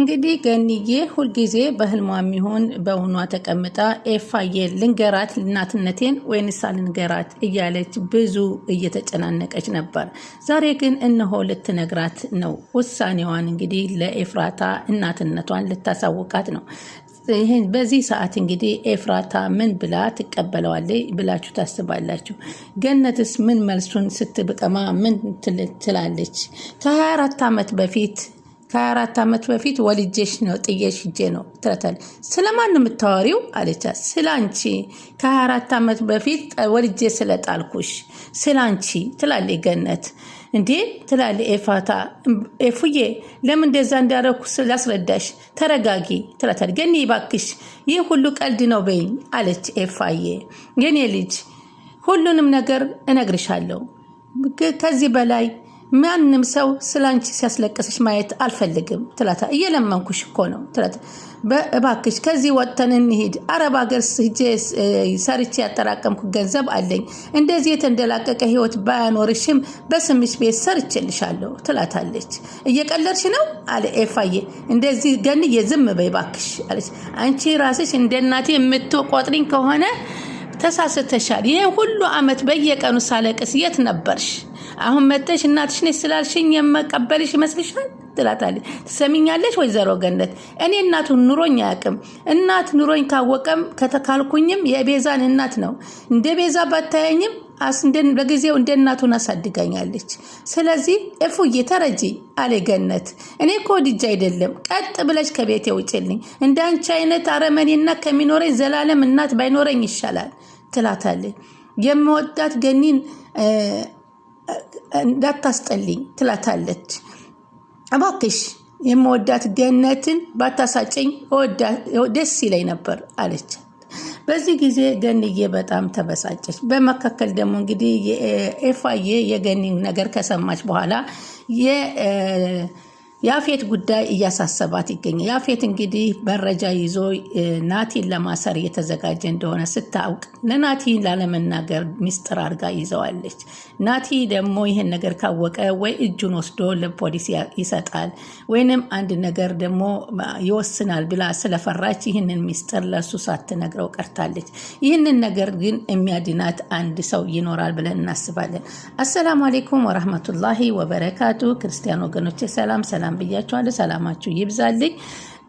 እንግዲህ ገኒዬ ሁልጊዜ በህልሟ የሚሆን በውኗ ተቀምጣ ኤፋዬ ልንገራት እናትነቴን ወይንሳ ልንገራት እያለች ብዙ እየተጨናነቀች ነበር። ዛሬ ግን እነሆ ልትነግራት ነው። ውሳኔዋን እንግዲህ ለኤፍራታ እናትነቷን ልታሳውቃት ነው። ይህን በዚህ ሰዓት እንግዲህ ኤፍራታ ምን ብላ ትቀበለዋለች ብላችሁ ታስባላችሁ? ገነትስ ምን መልሱን ስትብቀማ ምን ትላለች? ከ24 ዓመት በፊት ከአራት ዓመት በፊት ወልጄሽ ነው ጥዬሽ ሂጄ ነው ትላታለች። ስለ ነው የምታወሪው አለቻት። ስለ አንቺ ከአራት ዓመት በፊት ወልጄ ስለጣልኩሽ ስለ አንቺ ትላለች ገነት። እንዴ ትላለች ኤፋታ። ኤፉዬ ለምን እንደዛ እንዳረኩ ስላስረዳሽ ተረጋጊ ትላታለች። ገኒ ባክሽ ይህ ሁሉ ቀልድ ነው በይኝ አለች ኤፋዬ። የኔ ልጅ ሁሉንም ነገር እነግርሻለሁ ከዚህ በላይ ማንም ሰው ስለ አንቺ ሲያስለቅስሽ ማየት አልፈልግም ትላታ። እየለመንኩሽ እኮ ነው ትላታ። እባክሽ ከዚህ ወጥተን እንሂድ። አረብ ሀገር ሂጄ ሰርቼ ያጠራቀምኩ ገንዘብ አለኝ። እንደዚህ የተንደላቀቀ ህይወት ባያኖርሽም በስምሽ ቤት ሰርቼልሻለሁ ትላታለች። እየቀለድሽ ነው አለ ኤፋዬ። እንደዚህ ገንዬ ዝም በይ እባክሽ አለች። አንቺ ራስሽ እንደ እናቴ የምትቆጥሪኝ ከሆነ ተሳስተሻል። ይህ ሁሉ አመት በየቀኑ ሳለቅስ የት ነበርሽ? አሁን መተሽ እናትሽ ነሽ ስላልሽኝ የመቀበልሽ ይመስልሻል? ትላታለች። ትሰሚኛለሽ ወይዘሮ ገነት እኔ እናቱ ኑሮኝ አያውቅም። እናት ኑሮኝ ካወቀም ከተካልኩኝም የቤዛን እናት ነው። እንደ ቤዛ ባታየኝም በጊዜው እንደ እናቱን አሳድጋኛለች። ስለዚህ እፉዬ ተረጂ አለ ገነት። እኔ እኮ ወድጄ አይደለም፣ ቀጥ ብለሽ ከቤቴ ውጭልኝ። እንደ አንቺ አይነት አረመኔና ከሚኖረኝ ዘላለም እናት ባይኖረኝ ይሻላል ትላታለች። የምወዳት ገኒን እንዳታስጠልኝ ትላታለች። እባክሽ የምወዳት ገነትን ባታሳጨኝ ደስ ይለኝ ነበር አለች። በዚህ ጊዜ ገንዬ በጣም ተበሳጨች። በመካከል ደግሞ እንግዲህ ኤፋዬ የገኒ ነገር ከሰማች በኋላ ያፌት ጉዳይ እያሳሰባት ይገኛል። ያፌት እንግዲህ መረጃ ይዞ ናቲን ለማሰር እየተዘጋጀ እንደሆነ ስታውቅ ለናቲ ላለመናገር ሚስጥር አድርጋ ይዘዋለች። ናቲ ደግሞ ይህን ነገር ካወቀ ወይ እጁን ወስዶ ለፖሊስ ይሰጣል ወይንም አንድ ነገር ደግሞ ይወስናል ብላ ስለፈራች ይህንን ሚስጥር ለእሱ ሳትነግረው ቀርታለች። ይህንን ነገር ግን የሚያድናት አንድ ሰው ይኖራል ብለን እናስባለን። አሰላሙ አሌይኩም ወረህመቱላሂ ወበረካቱ። ክርስቲያን ወገኖች ሰላም ሰላም ሰላም ብያቸዋለሁ። ሰላማችሁ ይብዛልኝ።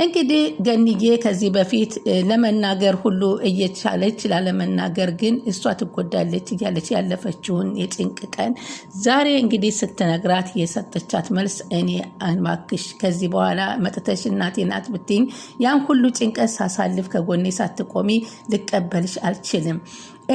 እንግዲህ ገንዬ ከዚህ በፊት ለመናገር ሁሉ እየቻለች ላለመናገር ግን እሷ ትጎዳለች እያለች ያለፈችውን የጭንቅ ቀን ዛሬ እንግዲህ ስትነግራት የሰጠቻት መልስ እኔ እባክሽ ከዚህ በኋላ መጥተሽ እናቴ ናት ብትይኝ ያን ሁሉ ጭንቀት ሳሳልፍ ከጎኔ ሳትቆሚ ልቀበልሽ አልችልም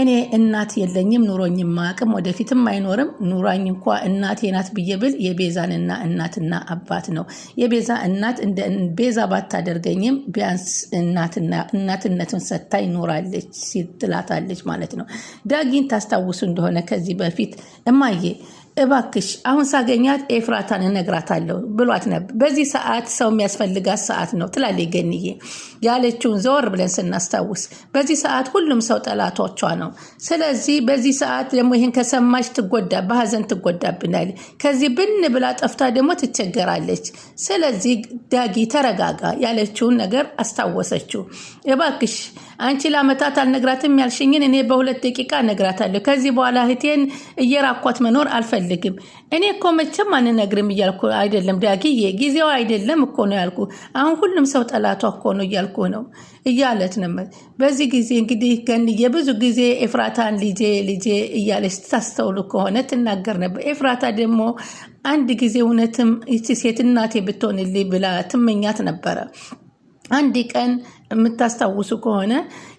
እኔ እናት የለኝም ኑሮኝም ማቅም ወደፊትም አይኖርም። ኑራኝ እንኳ እናቴ ናት ብዬ ብል የቤዛንና እናትና አባት ነው። የቤዛ እናት እንደ ቤዛ ባታደርገኝም ቢያንስ እናትነትን ሰታኝ ኖራለች ሲል ትላታለች ማለት ነው። ዳጊን ታስታውሱ እንደሆነ ከዚህ በፊት እማዬ እባክሽ አሁን ሳገኛት ኤፍራታን እነግራታለሁ ብሏት ነበር። በዚህ ሰዓት ሰው የሚያስፈልጋት ሰዓት ነው ትላለች ገንዬ ያለችውን ዘወር ብለን ስናስታውስ፣ በዚህ ሰዓት ሁሉም ሰው ጠላቶቿ ነው። ስለዚህ በዚህ ሰዓት ደግሞ ይህን ከሰማች ትጎዳ፣ በሀዘን ትጎዳብናል። ከዚህ ብን ብላ ጠፍታ ደግሞ ትቸገራለች። ስለዚህ ዳጊ ተረጋጋ ያለችውን ነገር አስታወሰችው። እባክሽ አንቺ ለአመታት አልነግራትም ያልሽኝን እኔ በሁለት ደቂቃ እነግራታለሁ። ከዚህ በኋላ እህቴን እየራኳት መኖር አልፈልግም። እኔ እኮ መቼም አንነግርም እያልኩ አይደለም ዳጊዬ፣ ጊዜው አይደለም እኮ ነው ያልኩ። አሁን ሁሉም ሰው ጠላቷ እኮ ነው እያልኩ ነው እያለት ነው። በዚህ ጊዜ እንግዲህ ገንዬ ብዙ ጊዜ ኤፍራታን ልጄ ልጄ እያለች ታስተውሉ ከሆነ ትናገር ነበር። ኤፍራታ ደግሞ አንድ ጊዜ እውነትም ይቺ ሴት እናቴ ብትሆንልኝ ብላ ትመኛት ነበረ። አንድ ቀን የምታስታውሱ ከሆነ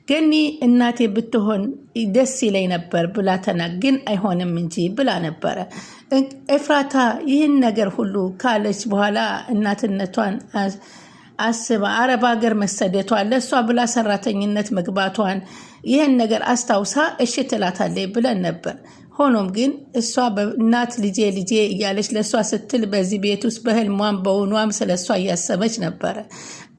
ገኒ እናቴ ብትሆን ደስ ይለኝ ነበር ብላ ግን አይሆንም እንጂ ብላ ነበረ። ኤፍራታ ይህን ነገር ሁሉ ካለች በኋላ እናትነቷን አስባ አረብ ሀገር መሰደቷ ለእሷ ብላ ሰራተኝነት መግባቷን ይህን ነገር አስታውሳ እሺ ትላታለች ብለን ነበር። ሆኖም ግን እሷ እናት ልጄ ልጄ እያለች ለእሷ ስትል በዚህ ቤት ውስጥ በህልሟም በውኗም ስለ እሷ እያሰበች ነበረ።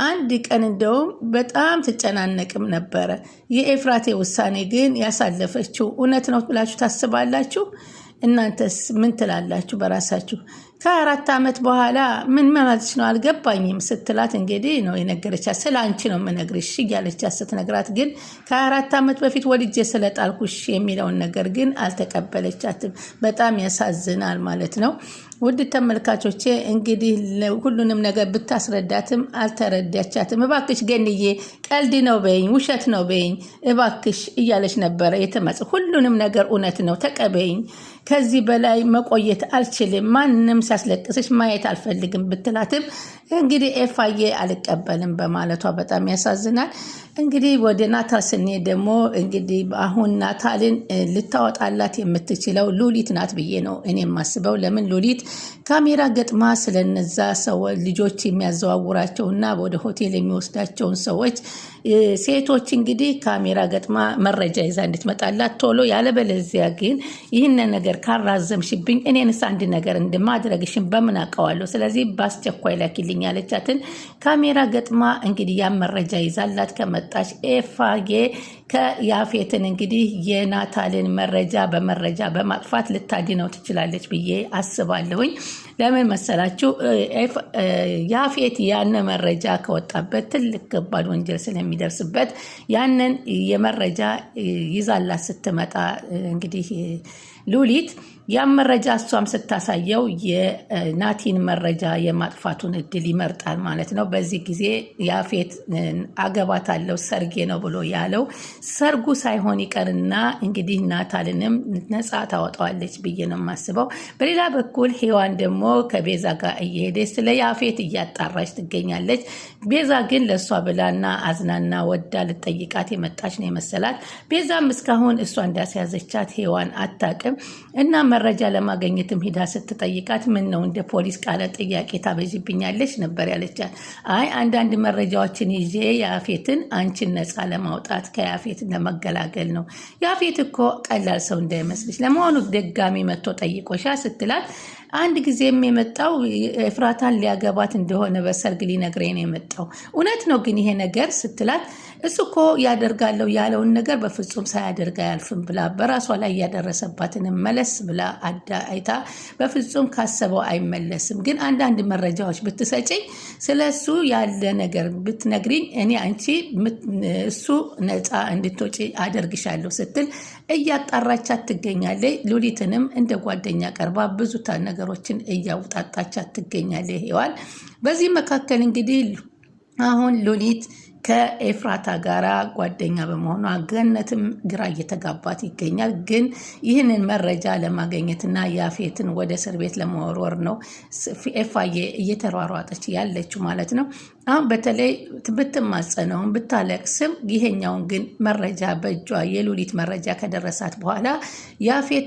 አንድ ቀን እንደውም በጣም ትጨናነቅም ነበረ። የኤፍራቴ ውሳኔ ግን ያሳለፈችው እውነት ነው ብላችሁ ታስባላችሁ? እናንተስ ምን ትላላችሁ? በራሳችሁ ከአራት ዓመት በኋላ ምን መማለች ነው አልገባኝም ስትላት እንግዲህ ነው የነገረቻት። ስለ አንቺ ነው የምነግርሽ እያለቻት ስትነግራት ግን ከአራት ዓመት በፊት ወልጄ ስለጣልኩሽ የሚለውን ነገር ግን አልተቀበለቻትም። በጣም ያሳዝናል ማለት ነው። ውድ ተመልካቾቼ እንግዲህ ሁሉንም ነገር ብታስረዳትም አልተረዳቻትም። እባክሽ ገንዬ ቀልድ ነው በይኝ፣ ውሸት ነው በይኝ እባክሽ እያለች ነበረ የተማጽ ሁሉንም ነገር እውነት ነው ተቀበይኝ ከዚህ በላይ መቆየት አልችልም፣ ማንም ሲያስለቅሰች ማየት አልፈልግም ብትላትም እንግዲህ ኤፋዬ አልቀበልም በማለቷ በጣም ያሳዝናል። እንግዲህ ወደ ናታል ስንሄድ ደግሞ እንግዲህ አሁን ናታልን ልታወጣላት የምትችለው ሉሊት ናት ብዬ ነው እኔ የማስበው። ለምን ሉሊት ካሜራ ገጥማ ስለነዛ ሰው ልጆች የሚያዘዋውራቸውና ወደ ሆቴል የሚወስዳቸውን ሰዎች ሴቶች እንግዲህ ካሜራ ገጥማ መረጃ ይዛ እንድትመጣላት ቶሎ፣ ያለበለዚያ ግን ይህንን ነገር ነገር ካራዘምሽብኝ እኔንስ አንድ ነገር እንድማድረግሽን በምን አውቀዋለሁ? ስለዚህ በአስቸኳይ ላኪልኝ ያለቻትን ካሜራ ገጥማ እንግዲህ ያ መረጃ ይዛላት ከመጣች ኤፋጌ ከያፌትን እንግዲህ የናታልን መረጃ በመረጃ በማጥፋት ልታድነው ትችላለች ብዬ አስባለሁኝ። ለምን መሰላችሁ? ያፌት ያነ መረጃ ከወጣበት ትልቅ ከባድ ወንጀል ስለሚደርስበት ያንን የመረጃ ይዛላት ስትመጣ እንግዲህ ሉሊት ያን መረጃ እሷም ስታሳየው የናቲን መረጃ የማጥፋቱን እድል ይመርጣል ማለት ነው። በዚህ ጊዜ ያፌት አለው ሰርጌ ነው ብሎ ያለው ሰርጉ ሳይሆን ይቀርና እንግዲህ ናታልንም ነፃ ታወጣዋለች ብዬ ነው የማስበው። በሌላ በኩል ሔዋን ደግሞ ከቤዛ ጋር እየሄደች ስለ ያፌት እያጣራች ትገኛለች። ቤዛ ግን ለእሷ ብላና አዝናና ወዳ ልጠይቃት የመጣች ነው የመሰላት። ቤዛም እስካሁን እሷ እንዳስያዘቻት ሔዋን አታቅም እና መረጃ ለማገኘትም ሂዳ ስትጠይቃት ምን ነው እንደ ፖሊስ ቃለ ጥያቄ ታበዥብኛለች ነበር ያለቻት። አይ አንዳንድ መረጃዎችን ይዤ ያፌትን አንቺን ነፃ ለማውጣት ከያፌት ለመገላገል ነው። ያፌት እኮ ቀላል ሰው እንዳይመስልሽ። ለመሆኑ ደጋሚ መጥቶ ጠይቆሻ ስትላት አንድ ጊዜም የመጣው ኤፍራታን ሊያገባት እንደሆነ በሰርግ ሊነግረኝ ነው የመጣው እውነት ነው ግን ይሄ ነገር ስትላት እሱ እኮ ያደርጋለሁ ያለውን ነገር በፍጹም ሳያደርግ አያልፍም ብላ በራሷ ላይ ያደረሰባትን መለስ ብላ አይታ በፍጹም ካሰበው አይመለስም። ግን አንዳንድ መረጃዎች ብትሰጪኝ፣ ስለ እሱ ያለ ነገር ብትነግሪኝ፣ እኔ አንቺ እሱ ነፃ እንድትወጪ አደርግሻለሁ ስትል እያጣራቻት ትገኛለች። ሉሊትንም እንደ ጓደኛ ቀርባ ብዙ ነገሮችን እያውጣጣቻት ትገኛለች። ሔዋን በዚህ መካከል እንግዲህ አሁን ሉሊት ከኤፍራታ ጋራ ጓደኛ በመሆኗ ገነትም ግራ እየተጋባት ይገኛል። ግን ይህንን መረጃ ለማገኘትና ያፌትን ወደ እስር ቤት ለመወርወር ነው ኤፋዬ እየተሯሯጠች ያለችው ማለት ነው። አሁን በተለይ ብትማጸነውን ብታለቅስም፣ ይሄኛውን ግን መረጃ በእጇ የሉሊት መረጃ ከደረሳት በኋላ ያፌት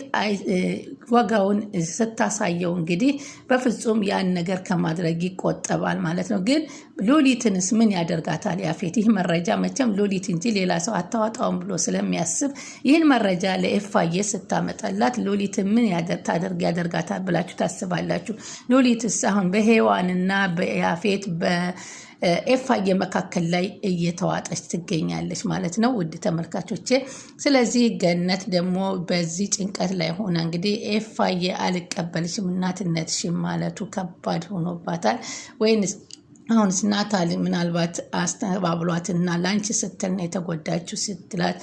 ዋጋውን ስታሳየው እንግዲህ በፍጹም ያን ነገር ከማድረግ ይቆጠባል ማለት ነው። ግን ሉሊትንስ ምን ያደርጋታል ያፌት? ጃፌት ይህ መረጃ መቼም ሎሊት እንጂ ሌላ ሰው አታወጣውም ብሎ ስለሚያስብ ይህን መረጃ ለኤፋዬ ስታመጣላት ሎሊት ምን ታደርግ ያደርጋታል ብላችሁ ታስባላችሁ? ሎሊትስ አሁን በሄዋንና በያፌት ኤፋዬ መካከል ላይ እየተዋጠች ትገኛለች ማለት ነው፣ ውድ ተመልካቾቼ። ስለዚህ ገነት ደግሞ በዚህ ጭንቀት ላይ ሆና እንግዲህ ኤፋዬ አልቀበልሽም እናትነትሽም ማለቱ ከባድ ሆኖባታል ወይንስ አሁንስ ናታሊ ምናልባት አስተባብሏትና ለአንቺ ስትል ነው የተጎዳችው ስትላት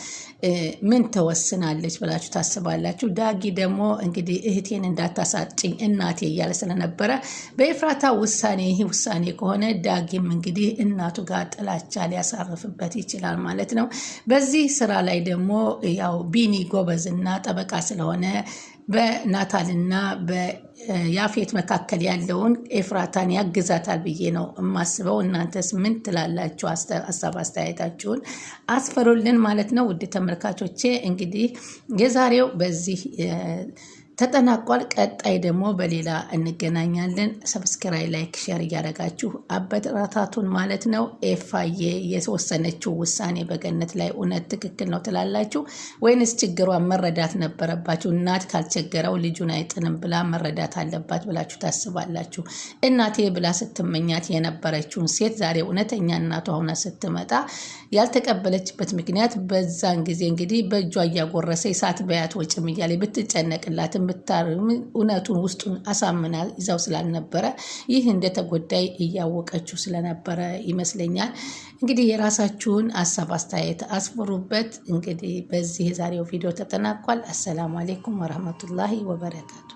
ምን ተወስናለች ብላችሁ ታስባላችሁ? ዳጊ ደግሞ እንግዲህ እህቴን እንዳታሳጭኝ እናቴ እያለ ስለነበረ በኤፍራታ ውሳኔ ይህ ውሳኔ ከሆነ ዳጊም እንግዲህ እናቱ ጋር ጥላቻ ሊያሳርፍበት ይችላል ማለት ነው። በዚህ ስራ ላይ ደግሞ ያው ቢኒ ጎበዝና ጠበቃ ስለሆነ በናታልና በያፌት መካከል ያለውን ኤፍራታን ያግዛታል ብዬ ነው የማስበው። እናንተስ ምን ትላላችሁ? ሀሳብ አስተያየታችሁን አስፈሩልን ማለት ነው። ውድ ተመልካቾቼ እንግዲህ የዛሬው በዚህ ተጠናቋል። ቀጣይ ደግሞ በሌላ እንገናኛለን። ሰብስክራይ፣ ላይክ፣ ሼር እያደረጋችሁ አበረታቱን ማለት ነው። ኤፋዬ የተወሰነችው ውሳኔ በገነት ላይ እውነት ትክክል ነው ትላላችሁ ወይንስ ችግሯን መረዳት ነበረባችሁ? እናት ካልቸገረው ልጁን አይጥንም ብላ መረዳት አለባት ብላችሁ ታስባላችሁ? እናቴ ብላ ስትመኛት የነበረችውን ሴት ዛሬ እውነተኛ እናቷ ሆና ስትመጣ ያልተቀበለችበት ምክንያት በዛን ጊዜ እንግዲህ በእጇ እያጎረሰ ሳት በያት ወጭም እያለ ብትጨነቅላትም ብታርም እውነቱን ውስጡን አሳምናል ይዛው ስላልነበረ ይህ እንደተጎዳይ እያወቀችው ስለነበረ ይመስለኛል። እንግዲህ የራሳችሁን ሀሳብ አስተያየት አስፍሩበት። እንግዲህ በዚህ የዛሬው ቪዲዮ ተጠናቋል። አሰላሙ አሌይኩም ወረህመቱላሂ ወበረካቱ።